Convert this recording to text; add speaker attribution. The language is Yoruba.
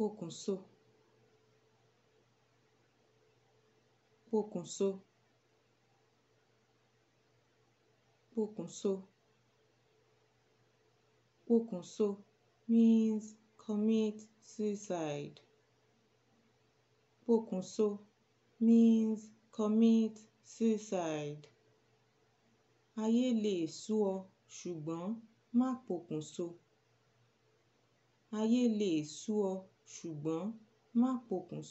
Speaker 1: pokùnso pokùnso pokùnso pokùnso means commit suicide pokùnso means commit suicide ayé lè sú ọ ṣùgbọ́n má pokùnso ayé lè sú ọ ṣùgbọ́n má pokùn